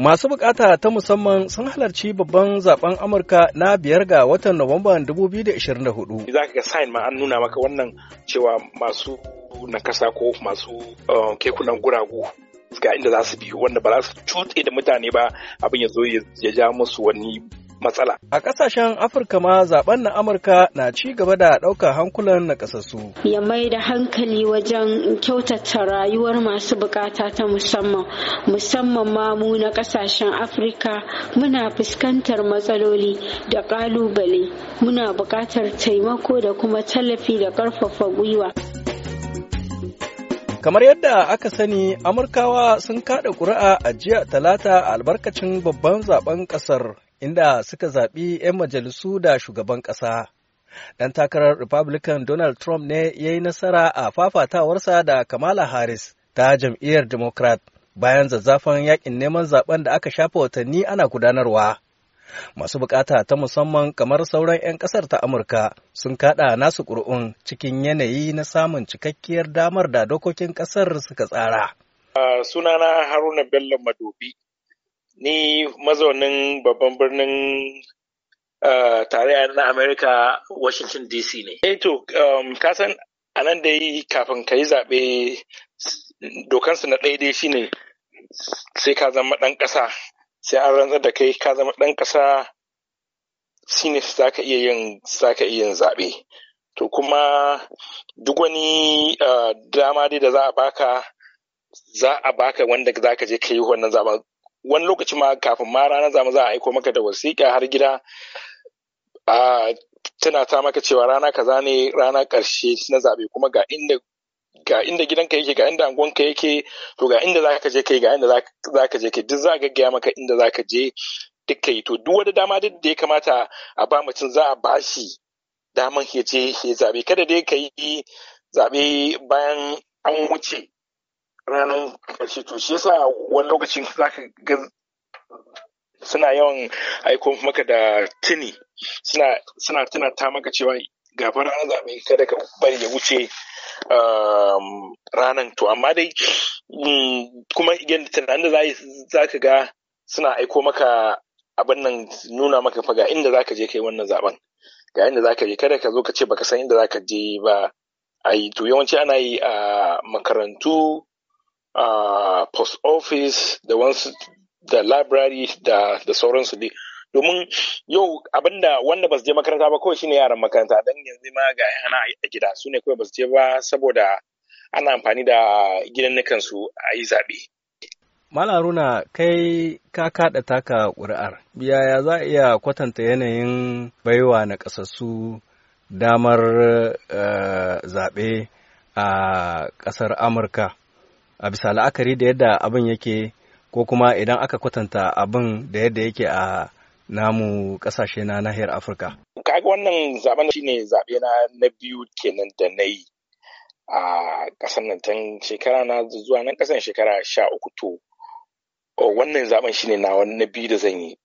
Masu bukata ta musamman sun halarci babban zaben Amurka na biyar ga watan Nuwamban 2024. Za ka ga sign ma an nuna maka wannan cewa masu nakasa ko masu uh, kekunan guragu ga inda za su biyu wanda ba za su cutse da mutane ba abin ya zo ya ja musu wani matsala. A ƙasashen Afirka ma zaben na Amurka na ci gaba da ɗaukar hankulan na ƙasasu. Ya mai da hankali wajen kyautata rayuwar masu bukata ta musamman, musamman ma mu na ƙasashen Afirka muna fuskantar matsaloli da ƙalubale, muna buƙatar taimako da kuma tallafi da ƙarfafa gwiwa. Kamar yadda aka sani, Amurkawa sun kada ƙuri'a a jiya talata albarkacin babban zaben ƙasar inda suka zaɓi 'yan majalisu da shugaban ƙasa. Ɗan takarar Republican Donald Trump ne ya yi nasara a fafatawarsa da Kamala Harris ta jam'iyyar Democrat bayan zazzafan yakin neman zaben da aka shafa watanni ana gudanarwa. Masu bukata ta musamman kamar sauran 'yan ƙasar ta Amurka sun kaɗa nasu ƙuri'un cikin yanayi na samun cikakkiyar damar da dokokin ƙasar suka tsara. Uh, sunana Haruna Bello Madobi ni mazaunin babban birnin eh, tarayya na Amerika Washington DC ne. Eh to, um, kasan a nan yi kafin ka yi zaɓe dokansu na ɗaya dai shine sai ka zama ɗan ƙasa, sai an rantsar da kai ka zama ɗan ƙasa shine za ka iya yin zaɓe. To kuma duk wani eh, dama dai da za a baka za a baka wanda za ka je ka yi wannan zaɓen. wani lokaci ma kafin ma rana zama za a aiko maka da wasiƙa har gida a tana ta maka cewa rana kaza ne rana ƙarshe na zaɓe kuma ga inda ga inda gidanka yake ga inda angonka yake to ga inda zaka je kai ga inda zaka je kai duk za ga gaya maka inda zaka je duk kai to duk wani dama duk da ya kamata a ba mutum za a bashi daman ya je ya zaɓe kada dai ka yi zaɓe bayan an wuce ranar ƙarshe to shi yasa wani lokacin ka ga suna yawan aiko maka da tuni suna suna tuna ta maka cewa gabar an zaɓe kada ka bari ya wuce um, ranar to amma dai mm, kuma yadda tunanin da za ka ga suna aiko maka abin nan nuna maka faga inda za ka je kai wannan zaben ga inda za ka je kada ka zo ka ce baka san inda za ka je ba a yi to yawanci ana yi a makarantu uh, post office da ones, da library da, the sauransu dai domin yau abinda wanda ba su je makaranta ba kawai shine yaran makaranta don yanzu ma ga yana a gida su ne kawai ba su je ba saboda ana amfani da gidan su a yi zaɓe. Mala Haruna kai ka kaɗa taka ƙuri'ar, yaya za a iya kwatanta yanayin baiwa na ƙasassu damar eh, zaɓe a ƙasar Amurka a bisa la'akari da yadda abin yake ko kuma idan aka kwatanta abin da yadda yake a namu kasashe na nahiyar Afirka. Kaga wannan zaben shine zabe na na biyu kenan da na yi a kasan nan tun shekara na zuwa nan ƙasar shekara sha uku to wannan zaben shine na wani na biyu da zan yi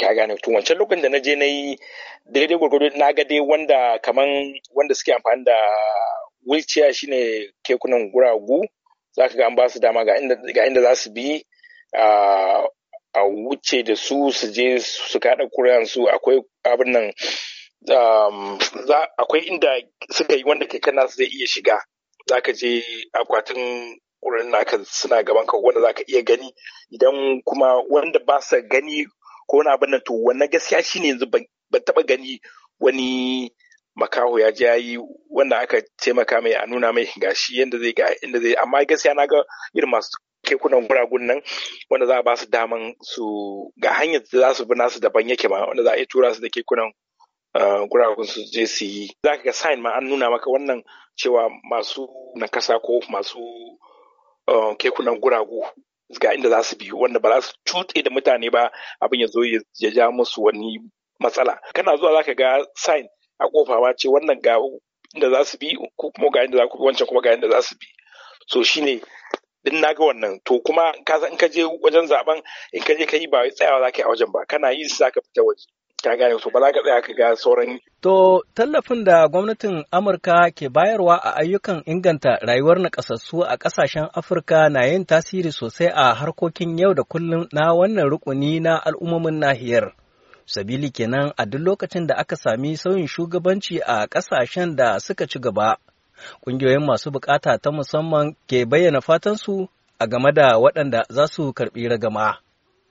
ka gane to wancan lokacin da na je na yi daidai gwargwado na ga dai wanda kaman wanda suke amfani da shi shine kekunan guragu za ka ga an ba su dama ga inda za su bi a wuce da su su je su kaɗa su akwai abin nan um, akwai inda suka yi wanda keken nasu zai iya shiga za ka je akwatin wurin naka suna gaban ka wanda za ka iya gani idan kuma wanda ba sa gani ko wani abin nan to wannan gaskiya shine yanzu ban taɓa gani wani makaho ya je yi wanda aka taimaka mai a nuna mai gashi yadda zai ga inda zai amma gaskiya na ga irin masu kekunan guragun nan wanda za a ba su daman su ga hanyar da za su bi nasu daban yake ma wanda za a iya tura su da kekunan ah, guragun su je su yi za ka ga sign ma an nuna maka wannan cewa masu nakasa ko masu ah, kekunan guragu ga inda za su bi wanda ba za su cutse da mutane ba abin ya zo ya ja musu wani matsala kana zuwa za ka ga sign a kofawa ce wannan ga inda za su bi ko kuma ga inda za ku wancan kuma ga inda za su bi so shine din naga wannan to kuma ka in ka je wajen zaben in ka je ka yi ba tsayawa za ka yi a wajen ba kana yi za ka fita waje ka gane so ba za ka tsaya ka ga sauran to tallafin da gwamnatin Amurka ke bayarwa a ayyukan inganta rayuwar nakasassu a kasashen Afirka na yin tasiri sosai a harkokin yau da kullum na wannan rukuni na al'ummomin nahiyar Sabili kenan a duk lokacin da aka sami sauyin shugabanci a ƙasashen da suka ci gaba, ƙungiyoyin masu bukata ta musamman ke bayyana fatansu a game da waɗanda za su karɓi ragama.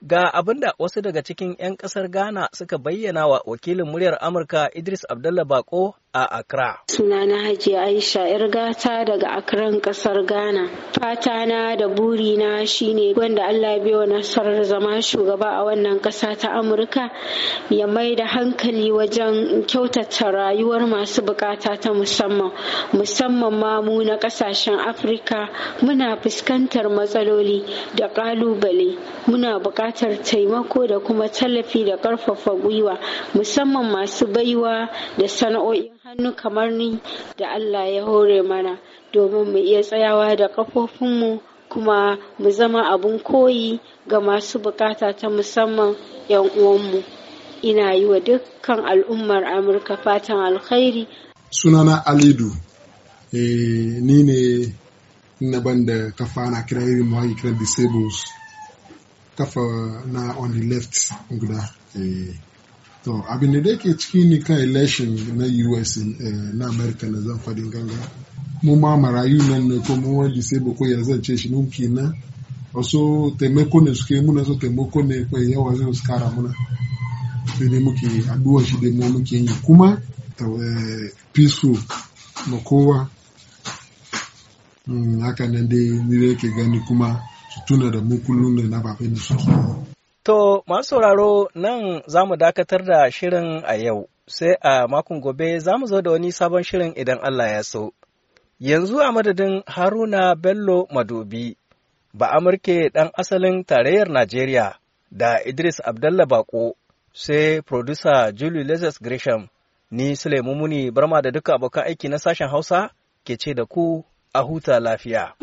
Ga abin da wasu daga cikin 'yan ƙasar Ghana suka bayyana wa wakilin muryar Amurka Idris Abdullah Bako a Accra. Sunana Hajiya Aisha ‘yar gata daga akran kasar Ghana. Fata na da burina shine wanda Allah biyo wa nasarar zama shugaba a wannan ƙasa ta Amurka ya mai da hankali wajen kyautata rayuwar masu bukata ta musamman. Musamman ma mu na ƙasashen Afrika. muna fuskantar matsaloli da ƙalubale. Muna buƙatar taimako da kuma tallafi da ƙarfafa gwiwa musamman masu baiwa da sana'o'in hannu kamar ni da Allah ya hore mana domin mu iya tsayawa da kafofinmu kuma mu zama abin koyi ga masu bukata ta musamman 'yan uwanmu. Ina yi wa dukkan al'ummar Amurka fatan alkhairi. Sunana Alidu, e, ni ne na banda kafa na kira irin mawai kira disables kafa na on the left guda. E. to abin da dai ke ciki ne kan election na us eh, na america na zan fadin ganga mu ma marayu nan ne ko mu wani sai ko ya ce shi mun kenan wasu taimako ne suke muna so taimako ne kai yawa zai su kara muna sai dai muke aduwa shi dai mu muke yi kuma eh, peaceful ma kowa hmm, haka nan dai ni ke gani kuma su tuna da mu kullum da na babai da suke To, masu sauraro nan za mu dakatar da shirin a yau, sai a makon gobe za mu zo da wani sabon shirin idan Allah ya so. Yanzu a madadin Haruna Bello Madobi, ba Amurke ɗan asalin tarayyar Najeriya da Idris Abdallah Bako, sai producer Julie Lazarus Grisham, ni Sulaimu Muni Barma da duka abokan aiki na sashen Hausa ke ce da ku a huta lafiya.